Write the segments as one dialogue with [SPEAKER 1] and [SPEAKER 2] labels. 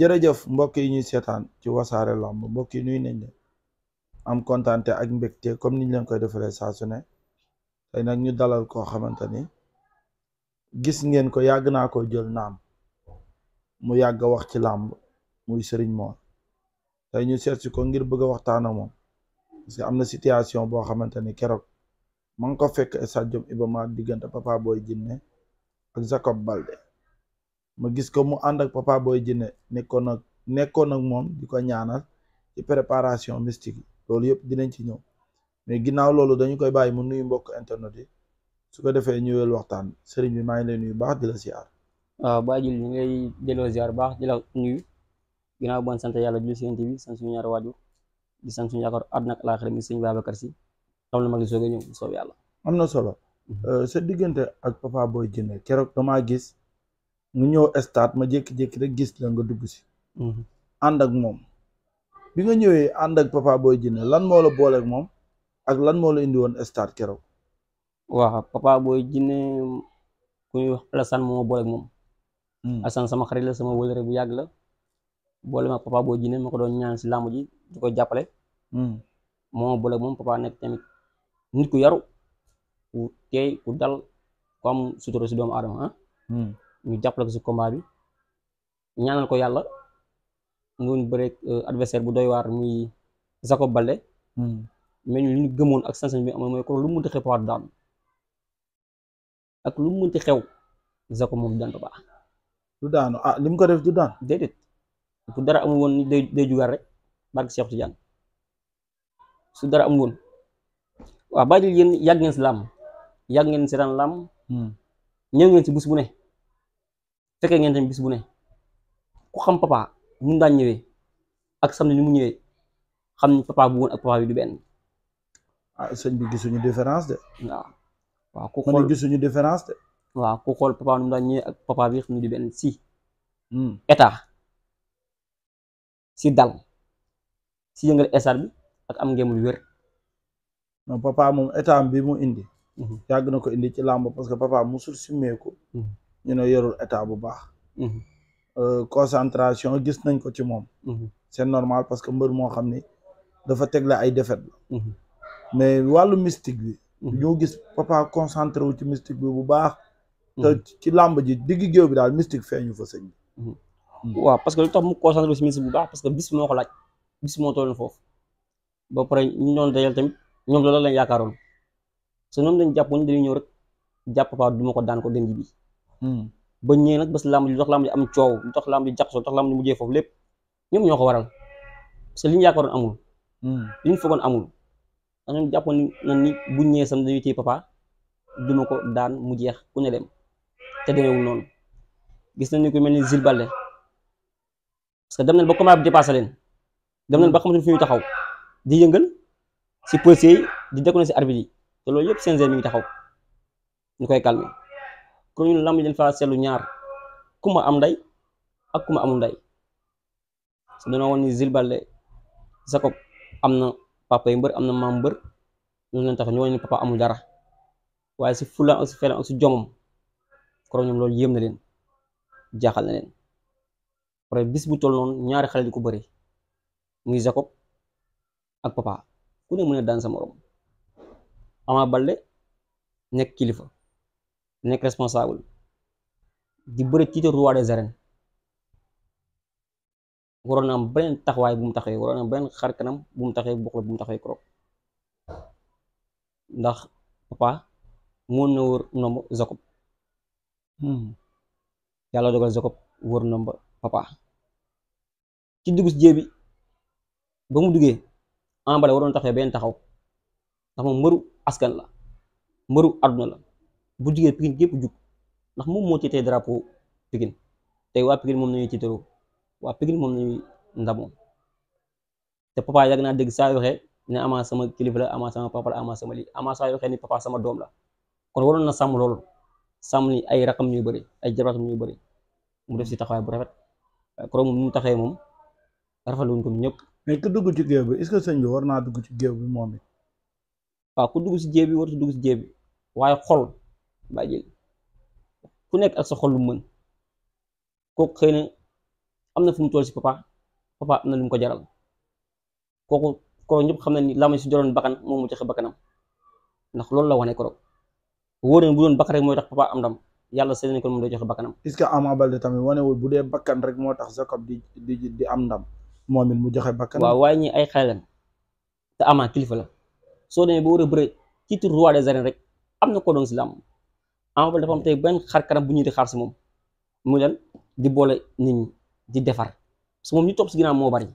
[SPEAKER 1] jërëjëf mbokk yi ñuy seetaan ci wasaare lamb mbokk yi nuy nañ leen am kontaan te ak mbégte comme niñ leen koy defalee saa su ne nag ñu dalal koo xamante ni gis ngeen ko yàgg naa ko jël naam mu yàgg wax ci làmb muy sëriñ moor tey ñu seet si ko ngir bëgg a waxtaan ak moom parce am na situation boo xamante ni keroog ma ngi ko fekk stade Iba diggante Papa Boy Djiné ak Jacob Balde ma gis ko mu ànd ak Papa Boy Djiné nekkoon ak nekkoon ak moom di ko ñaanal ci préparation mystique yi loolu yëpp dinañ ci ñëw mais ginnaaw loolu dañu koy bàyyi mu nuyu mbokk internet yi su ko defee ñëweel waxtaan sëriñ bi maa ngi lay nuyu baax di la ziar.
[SPEAKER 2] waaw baajul ñu ngi lay delloo baax di la nuyu ginnaaw bon sant yàlla julli si bi sant suñu ñaari waajur di sant suñu yaakaar àdduna ak laaxira mi sëñ Babacar Si xam la mag li soog a ñëw soob yàlla. am na solo mhm.
[SPEAKER 1] euh, sa diggante ak nu ñëw stade ma jékki-jékki rek gis la nga dugg si. Mhm. ànd ak moom. bi nga ñëwee ànd ak Papa Boy
[SPEAKER 2] Djiné lan moo la booleeg moom ak lan moo la indi woon stade keroog. waa Papa booy Djiné ku ñuy wax Alassane moo booleeg moom. Hmm. Alassane sama xarit sama wëlëre bu yàgg la boole ma ak Papa Boy Djiné ma ko doon ñaan si làmb ji di ko jàppale. Hmm. moo booleeg moom papa nekk tamit nit ku yaru ku teey ku dal ku am sutura si doomu aadama ah. hmm. ñu jàppale ko si combat bi ñaanal ko yàlla mun bëreek euh, adversaire bu doy waar muy Jacob bale hmm. mais ñu li ñu gëmoon ak sañ bi amoon mooy ko lu mu mënti xew Pape daan ak lu mu mënti xew Jacob moom daan Papa du daanu ah li mu ko def du daan déedéet bu dara amul woon day day jugaar rek barke Cheikh Tidiane su dara amul woon waaw bàyyi yéen yàgg ngeen si làmm yàgg ngeen si daan làmm hmm. ñëw ngeen si bus bu ne fekkee ngeen tamit bis bu ne ku xam papa mun daan ñëwee ak samedi ni mu ñëwee xam ni papa bu woon ak papa bi du benn. Ah, gisuñu différence de. waaw waaw gisuñu différence waaw ku xool papa ak papa bi xam ni du si. Hmm. état si dal si yëngal esar bi ak am ngeen wér.
[SPEAKER 1] non papa moom état bi mu indi. Mhm. yàgg na ko indi ci làmb parce que papa musul simmeeku. Mhm. ñu ne yorul état bu baax mhm. euh, concentration gis nañ ko ci moom mhm. c'est normal parce que mbër moo xam ni dafa tegle ay défaite la mhm. mais wàllu mystique bi ñoo gis papa concentré wu ci mystique bi bu baax te ci làmb ji digg géew bi daal mystique feeñu fa sëñ bi waaw
[SPEAKER 2] parce que lu tax mu concentré wu ci mystique bu baax parce que bis moo ko laaj bis moo tollu foofu ba pare ñu doon dajal tamit ñoom loolu lañ yaakaaroon su ñoom lañ jàpp ñu dañuy ñëw rek jàpp papa du ma ko daan ko dem Hmm. ba ñëwee nag bés làmb ji lu tax làmb ji am coow lu tax làmb ji jaxasoo lu tax làmb ji mujjee foofu lépp ñoom ñoo ko waral parce li ñu yaakaaroon amul hmm. li ñu foogoon amul dax ni bu ñëwee sam dañuy téye papa duma ko daan mu jeex ku ne dem te demeewul nañ ni ku mel ni Zil Balde ba combat bi leen dem nañ ba xamante ni fi ñu taxaw di yëngal si policiers yi di déconné si arbitre yi te loolu yëpp seen mi ngi taxaw ñu koy calmer kon ñun lamb dañ faa seetlu ñaar ku ma am nday ak ku ma amul nday su dana woon ni zilballe Jacob am na papa yi mbër am na maam mbër loolu leen tax ñu woon ni papa amul dara waaye si fulam ak si felam ak si jomam koroom ñoom loolu yéem na leen jaaxal na leen bis bu toll noonu ñaari xale di ko bëri muy Jacob ak papa ku ne mën a daan sa morom Ama Baldé nekk kilifa nekk responsable di bëri titre roi des arènes waroon na am beneen taxawaay bu mu taxee waroon na am beneen xar kanam bu mu taxee bokk bu mu taxee krok ndax papa moon na wër nomba Jacob hmm. yàlla dogal Jacob wër nomba papa ci dugg si jéebi ba mu duggee Ama Baldé waroon taxee benn taxaw ndax moom mbëru askan la mbëru àdduna la bu jugee Pikine gépp jug ndax moom moo tiitee drapeau Pikine tey waa Pikine moom nañuy tiitaroo waa Pikine moom nañuy ndamoo te papa yàgg naa dégg saa yoo xee ne sama kilifa la Ama sama papa la Ama sama lii Ama saa yoo xee ni papa sama doom la kon waroon na sàmm loolu sàmm ni ay raqam ñuy bari ay jabatam ñuy bari mu def si taxawaay bu rafet kon moom nu mu taxee moom rafetlu wuñ ko ñëpp. mais ku dugg ci géew bi est-ce que bi war naa dugg ci géew bi moom it. ku dugg si géew bi dugg si waaye xol. bàyyil ku nekk ak sa xol lu mën kooku xëy na am na fu mu toll si papa papa am na lu ko jaral kooku koro ñëpp xam na ni laa ma si joroon bakkan moom mu joxe bakkanam ndax loolu la wane koro wóor na bu doon bakkan rek mooy tax ndam yàlla seen ko moom day joxe bakkanam.
[SPEAKER 1] est-ce que Ama Baldé bu dee bakkan rek moo tax Jacob di di di am ndam moom it mu joxe bakkan. waaw
[SPEAKER 2] waaye ñi ay xale lañ te Ama kilifa la soo demee ba war a bëre titre roi rek am na ko doon si làmb Ama Baldé dafa am tey benn xar kanam bu ñuy di xaar si moom mu leen di boole nit ñi di defar su moom ñu toog si ginnaaw moo bari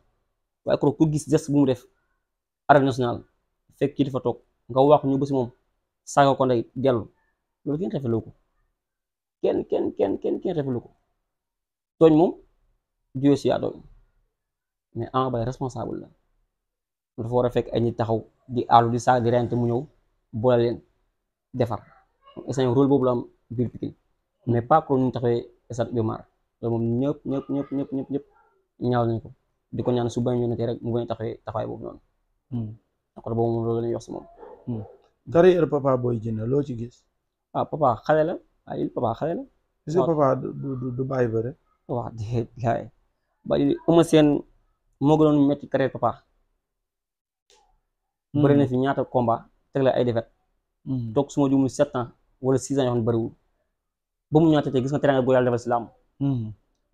[SPEAKER 2] waaye kon ku gis geste bu mu def arène nationale fekk kii dafa toog nga wax ñu ba si moom saaga ko ndey dellu loolu kenn rafetlu ko kenn kenn kenn kenn kenn rafetlu ko tooñ moom juyee si yaa tooñ mais Ama Baldé responsable la dafa war a fekk ay nit taxaw di àllu di saaga di reyante mu ñëw boole leen defar. instant rôle boobu la am biir Pikine mais pas comme ñu taxee stade Iba Mar loolu moom ñëpp ñëpp ñëpp ñëpp ñëpp ñëpp ñaaw nañ ko di ko ñaan su bañ yónnee rek mu bañ taxawee taxawaay boobu noonu. d'accord hmm. boobu moom loolu la ñuy wax si moom.
[SPEAKER 1] Hmm. carrière papa booy jënd loo ci gis. ah
[SPEAKER 2] papa xale la ah il papa xale la. est-ce que papa du du du bàyyi bëre. waaw déedéet gars yi bàyyi Eumeu Sène moo gënoon métti carrière papa. Hmm. bëri na fi ñaata combat teg la ay défaite. toog su ma juumul sept ans wala six ans yoo xam ne ba mu ñëwaatee tey gis nga teranga go yàlla defal si làmb hmm.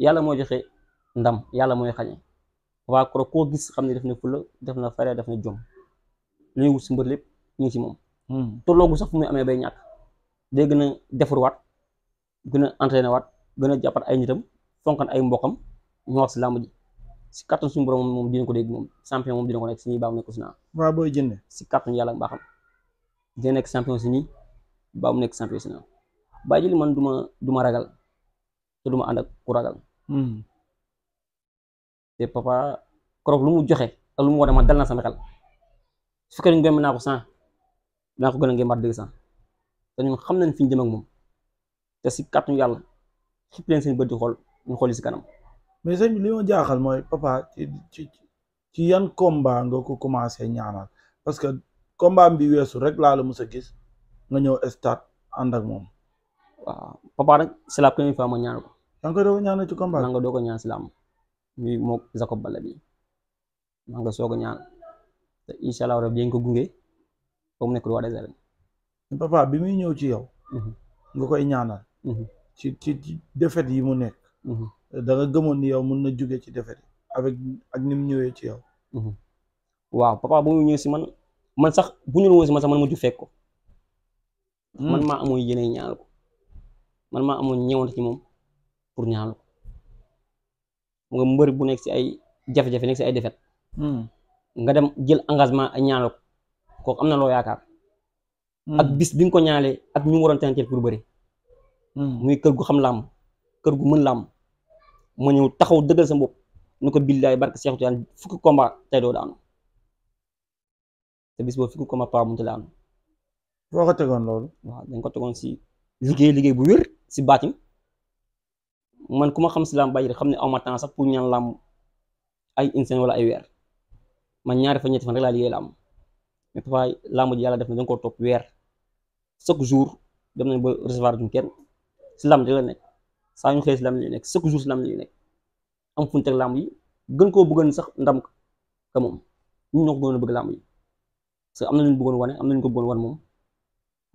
[SPEAKER 2] yàlla mooy joxe ndam yàlla mooy xañe waa koro koo gis xam ne def na fulla def na fare def na jom li ñuy wut si mbër lépp ñu ngi si moom hmm. tolloogu sax fu muy amee bay ñàkk day gën a defarwaat gën a entraîné waat gën a jàppat ay nitam fonkan ay mbokam ñu wax si si kattan suñu borom moom dina ko dégg moom champion moom dina ko nekk si ñuy baax nekk si naa waaw booy jënd si kattan yàlla mbaaxam dina ba mu nekk centre Baye man duma duma ragal te du ma ànd ak ku ragal. Hmm. te papa korof lu mu joxe ak lu mu war a ma dal na sama xel su fekkee ngëm naa ko cent naa ko gën a ngëmbaat deux cent te ñun xam nañ fi ñu jëm ak moom te si kàttanu yàlla xipp leen seen bët di xool ñu xool si kanam.
[SPEAKER 1] mais sëñ bi li ma jaaxal mooy papa ci ci ci yan combat nga ko commencé ñaanal parce que comba bi weesu rek laa la mës a gis. nga ñëw stade ànd ak
[SPEAKER 2] moom. waaw papa rek c'est la première fois ma ko. da nga a ci combat. da nga ko doog a ñaan si làmb mi nga soog a ñaan te incha allah ko gunge ba mu nekk roi des
[SPEAKER 1] bi muy ñëw ci yow. Mhm. nga koy ñaanal. Mhm. ci ci ci défaite yi mu nekk. Mhm. da nga gëmoon ni
[SPEAKER 2] yow mun na jóge ci défaite avec ak ni mu ñëwee ci yow. waaw papa bu muy ñëw si man man sax bu ñu la woo si man sax man ma ju fekk ko. Hmm. man maa amoon yéene ñaanal ko man maa amoon ñëwante ci moom pour ñaanal ko mu nga mbër bu nekk si ay jafe-jafe nekk si ay defet hmm. nga dem jël engagement ak ñaanal ko kooku am na loo yaakaar hmm. ak bis bi nga ko ñaanale ak ñu waroon tenteel pour bëri muy kër gu xam làmb kër gu mën làmb ma ñëw taxaw dëggal sa bopp ni ko billaay barke Seexu Tijaan fukki combat tey doo daanu te bis boobu fukki combat paa mu daanu
[SPEAKER 1] foo ko tegoon loolu.
[SPEAKER 2] dañ ko tegoon si liggéey liggéey bu wér si baatin man ku ma xam si làmb bàyyi rek xam ne aw temps sax pour ñaan làmb ay instant wala ay weer man ñaari fa ñetti fan rek laa liggéey làmb yàlla def dañ koo topp weer chaque jour dem nañ ba recevoir duñ kenn si làmb ji la nekk saa ñu xëy si làmb li nekk chaque jour si làmb li nekk am fu teg làmb yi gën koo bëggoon sax ndam ka moom ñun ñoo ko gënoon a bëgg làmb yi parce que am na lu ñu bëggoon wane am na lu ñu ko bëggoon wan moom.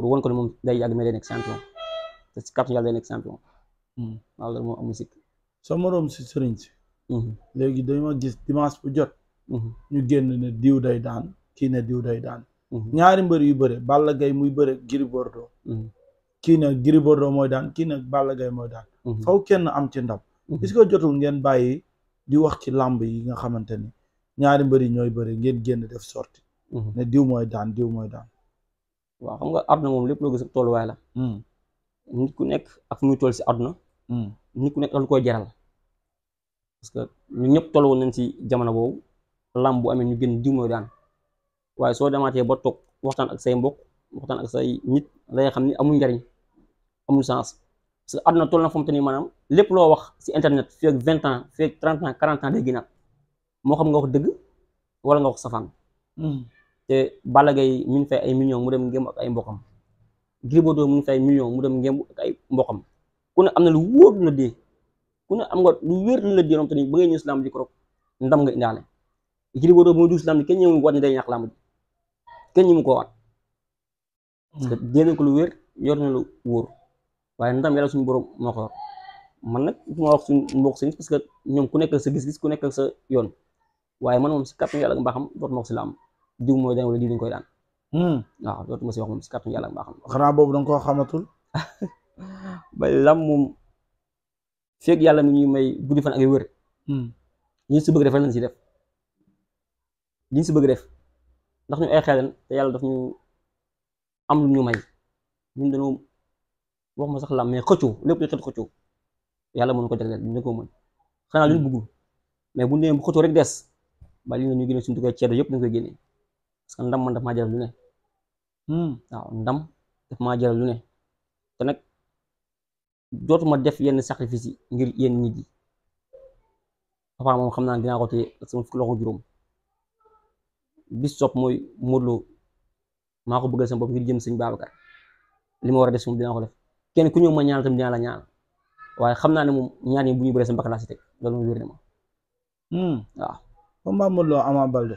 [SPEAKER 2] pour won ko ne moom day yàgg mais day nekk champion te si kàttu hmm. moroom si sëriñ
[SPEAKER 1] si hmm. léegi ma gis dimanche bu jot hmm. ñu génn ne diw day daan kii ne diw day daan ñaari mbër yu bëre Balla gay muy bëre Gris kii ne Gris Bordeaux mooy daan kii ne Balla Gaye mooy daan faw kenn am ci ndam est-ce que jotul ngeen bàyyi di wax ci làmb yi nga xamante ni ñaari mbër yi ñooy bëre ngeen génn def sorti ne diw mooy daan diw mooy daan
[SPEAKER 2] waaw xam nga àdduna moom lépp loo gis tolluwaay la. Hmm. nit ku nekk ak fu muy toll si àdduna. Hmm. nit ku nekk lu koy jaral. parce que ñu ñëpp toll woon nañ si jamono boobu lamb bu amee ñu gën diw mooy daan waaye soo demaatee ba toog waxtaan ak say mbokk waxtaan ak say nit day xam ni amul njariñ amul sens parce que àdduna toll na foofu te ni maanaam lépp loo wax si internet fii vingt ans fii trent trente ans quarante ans day moo xam nga wax dëgg wala nga wax safaan. Hmm. te bala Gaye mu ngi fay ay million mu dem ngémb ak ay mboqam Gris Bordeaux mu ngi mu dem ngémb ak ay mboqam ku ne am na lu wóor lu am nga lu wér la dee te ni ba ngay ko ndam nga indaale Gris Bordeaux bu muy dugg si day ñàkk làmb ji kenn ñu mu ko wat dee lu wér yor na lu wóor ndam yàlla suñu borom moo ko man nag parce que ñoom ku nekk sa gis-gis ku nekk sa yoon waaye man moom si kàttan yàlla mbaaxam dootuma wax si làmb diw mooy daan wala diw dañ koy daan. Hmm. waaw dootuma si wax moom si kàttan yàlla mbaa xam. xanaa boobu da nga koo xamatul. bay lam moom feeg yàlla mi ñuy may guddi fan ak wér. Hmm. ñu si bëgg def rek lañ si def ñu si bëgg def ndax ñu ay xeelan te yàlla daf ñu am lu ñu may ñun dañoo wax ma sax lam mais xëccoo lépp lu xet xëccoo yàlla mënu ko jagleel dina ko mën xanaa lu ñu bëggul mais bu ñu demee bu xëccoo rek des ba li ñu gën a suñu duggee ceeb yëpp dañ koy génnee. parce que ndam man daf maa jaral lu ne hmm. ndam daf maa te nag dootuma def yenn sacrifice yi ngir yenn nit yi papa moom xam naa ne dinaa ko téye ak sama fukki loxo juróom bis mooy Modou Lo maa ko bëggal sama bopp ngir jëm sëñ Babacar li ma war a def moom dinaa ko def kenn ku ñëw ma ñaan tam dinaa la ñaan waaye xam naa ne moom ñaan yi bu ñu bëree sama bakkan laa si teg loolu moom wér na ma hmm. waaw
[SPEAKER 1] combat Modou Lo Ama Baldé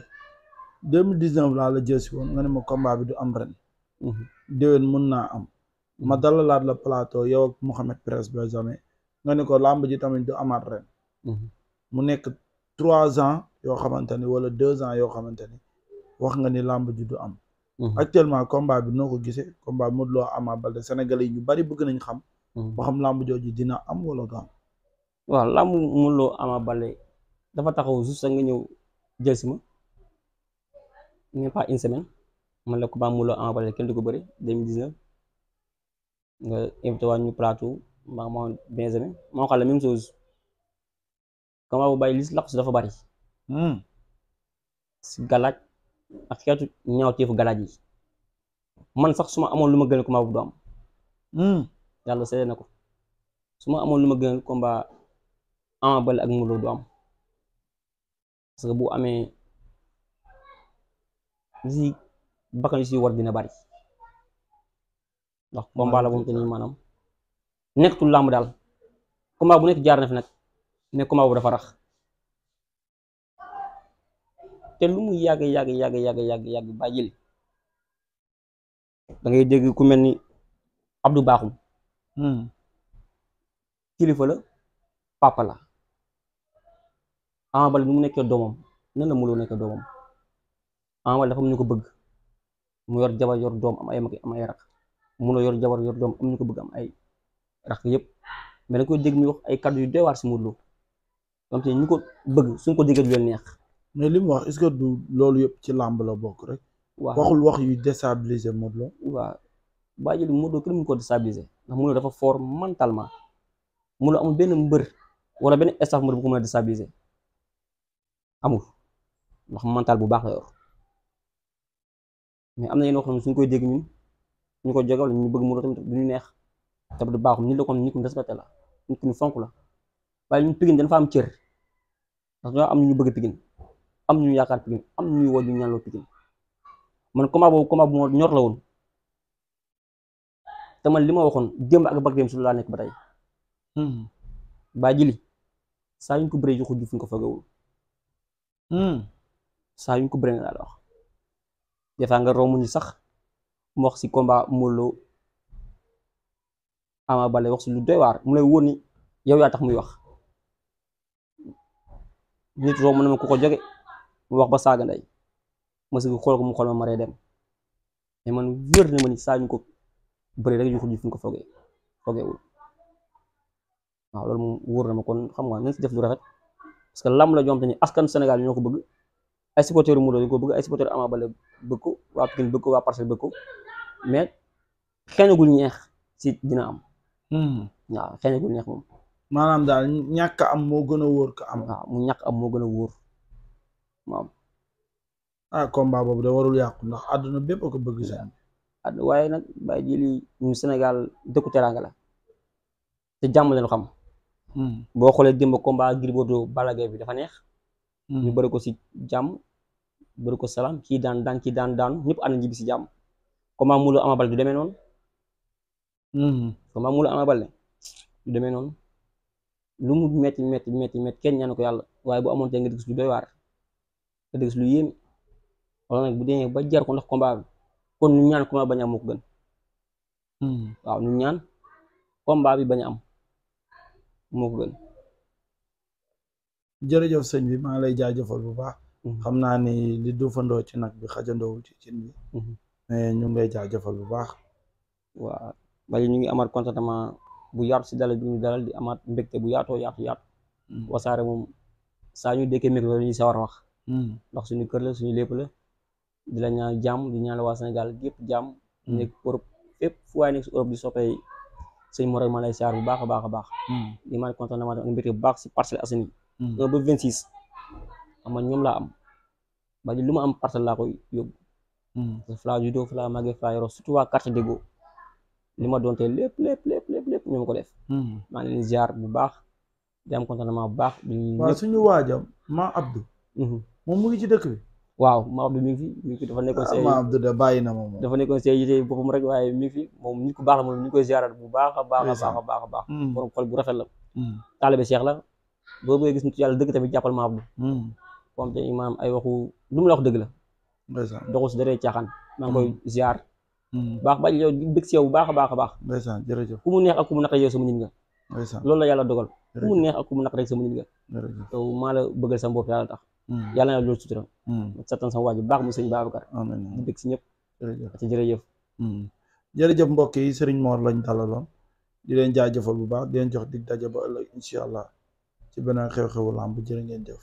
[SPEAKER 1] deux mille laa la jël si woon nga ne ma combat bi du am ren mhm. déwén mun naa am mhm. ma dalalaat la plateau yow ak Mouhamed Press Benjamin nga ne ko làmb ji tamit du amaat ren mhm. mu nekk trois ans yoo xamante ni wala deux ans yoo xamante ni wax nga ni làmb ji du am actuellement combat bi noo ko gisee combat bi Modou Lo Ama Baldé Sénégalais yi ñu bari
[SPEAKER 2] bëgg nañ xam ba xam làmb jooju dina am wala du am waaw làmb Modou Lo Ama Baldé dafa taxaw juste nga ñëw jël ma même pas une man la combat Modou Lo Ama Baldé kenn du ko bëri 2019 nga invité waa ñu plateau maa ma Benjamin maa xam la même chose combat bu bàyyi li laq si dafa bari hmm. si galaaj ak xeetu ñaawteefu galaaj yi man sax su ma amoon lu ma gën a combat bu du am hmm. yàlla seede na ko su ma amoon lu ma gën a combat Ama Baldé ak Modou Lo du am parce bu amee lu si bakkan si war dina bari ndax combat la moom te ni maanaam nekkatul làmb daal combat bu nekk jaar na fi nag nekk combat bu dafa rax te lu mu yàgg yàgg yàgg yàgg yàgg yàgg bàyyil da ngay ku mel ni Abdou Bakhoum hmm. kilifa la papa la a Baldé nu mu nekkee doomam nan la mënoo nekkee doomam Ama Baldé am ñu ko bëgg mu yor jabar yor doom ay mag am ay rakk munoo yor jabar yor doom am ko bëgg am ay yëpp mais dañ koy dégg muy wax ay kàddu yu doy waar si Modou ñu ko bëgg suñ ko déggee neex. mais li mu wax est loolu yëpp ci làmb la rek. waaw waxul wax yu déstabiliser Modou Lo. waaw baa jël Modou Lo kenn mënu ko déstabiliser ndax Modou dafa foor mentalement Modou Lo amul benn mbër walla benn staff mbër bu ko mën a déstabiliser amul ndax mental bu baax la yor. mais am na yenn yoo xam ne suñ koy dégg ñun ñu ko jege wala ñu bëgg mu tamit du ñu neex te du baaxum nit la ko nit ku ku ñu fonk la waaye ñun Pikine dañ am cër parce ñu bëgg Pikine am ñu yaakaar Pikine am ñu woo ñu man combat boobu combat bu ñor la woon li ma waxoon démb ak bag démb su laa nekk ba tey hmm. baa jili saa yuñ ko bëree joxu ko fagawul hmm. saa ko bëree nga daal wax defaa nga romb sax mu wax si combat Modou Lô Ama wax si lu doy waar mu lay wóor ni yow yaa tax muy wax nit romb na ma ku ko joge mu wax ba saaga ndey ma si xool ko mu xool ma maree dem mais man wér na ma ni saa ñu ko bëree rek ñu ko fu ñu ko foogee foogeewul waaw loolu moom wóor na ma kon xam nga nañ si def lu rafet parce lam la jom te ni askan Sénégal ñoo ko bëgg ay supporteurs Modou Lô dañ ko bëgg ay supporteurs Ama Baldé bëgg ko waa Pikine bëgg waa Parcelles bëgg ko mais xeeñagul ñeex si dina am. Hmm. waaw xeeñagul ñeex moom. maanaam daal ñàkk am moo gën a wóor ko
[SPEAKER 1] am. mu ñàkk am moo gën a wóor maam. ah combat boobu da warul yàqu ndax àdduna bépp a ko bëgg sax.
[SPEAKER 2] waaye nag Baye Djily ñun Sénégal dëkku teraanga la te jàmm leen xam. Hmm. boo xoolee démb komba Gris Bordeaux Balla bi dafa neex. ñu mm. bëri ko si jàmm bëri ko salaam kii daan daan ki daan daan ñëpp ànd ñibbi si jàmm comment Modou Lô Ama Baldé du demee noonu mm. comment Modou Lô Ama Baldé du demee noonu lu mu metti metti metti metti kenn ñaanu ko yàlla waaye bu amoon tey nga gis lu doy waar nga gis lu yéeme wala nag bu dee ba jar ko ndax combat bi kon ñu ñaan combat bañ am moo ko bañ am moo ko gën mm.
[SPEAKER 1] jërëjëf sëñ bi maa ngi lay jaajëfal bu baax mhm. xam naa ni di duufandoo ci nag bi xajandoowul ci cin bi mhm. mais ñu ngi lay jaajëfal bu baax
[SPEAKER 2] waaw bari ñu ngi amaat contentement bu yaatu si dalal bi ñu dalal di amaat mbégte bu yaatoo yaatu yaatu mhm. wasaare moom saa ñu dékkee micro dañuy sawar wax ndax suñu kër la suñu lépp la di la ñaan jàmm di ñaan la waa Sénégal gépp jàmm nekk Europe fépp fu waaye nekk si Europe di soppee sëñ Mor ma lay siyaar bu baax a baax a baax di maat contentement bu baax si Parcelles Assainies Hmm. un ba vingt six xam nga ñoom laa am ba lu ma am parcelle laa koy yóbbu hmm. fa laa juddoo fa yoroo surtout waa quartier Déggo li ma doon tey lépp lépp lépp lépp ko def hmm. maa ngi leen bu baax di am contentement bu baax waaw
[SPEAKER 1] suñu waajam ma Abdou mhm. moom mu ngi ci dëkk bi waaw maa Abdou mi ngi fi mi ngi fi dafa nekkoon see ah, maa Abdou da bàyyi na dafa
[SPEAKER 2] nekkoon see yite boppam rek waaye mi ngi fi moom nit baax la moom ñu ngi koy bu baax baax a baax a baax a baax borom bu rafet la taalibe Cheikh la boo bëggee gis nitu yàlla dëgg tamit jàppal maam hmm. Abdou. comme tey maam ay waxu lu mu la wax dëgg la. ndeysaan doxu si daree caaxaan. maa ngi koy hmm. ziar. Hmm. baax baax yow bu baax a baax a baax.
[SPEAKER 1] ndeysaan jërëjëf
[SPEAKER 2] ku mu neex ak ku mu naqari yow sama nit nga. ndeysaan loolu la yàlla dogal. ku mu neex ak mu naqari sama nit nga. jërëjëf yow maa la bëggal sa bopp yàlla tax. yàlla na loolu sutura. satan sama waajur baax mu sëñ Babacar. amiin di bëgg si ñëpp. jërëjëf ati jërëjëf.
[SPEAKER 1] jërëjëf mbokk yi Serigne Mor lañ dalaloon di leen jaajëfal bu baax di leen jox dig daje ba ëllëg incha allah ci beneen xew-xewu làmb jërë ngeen jëf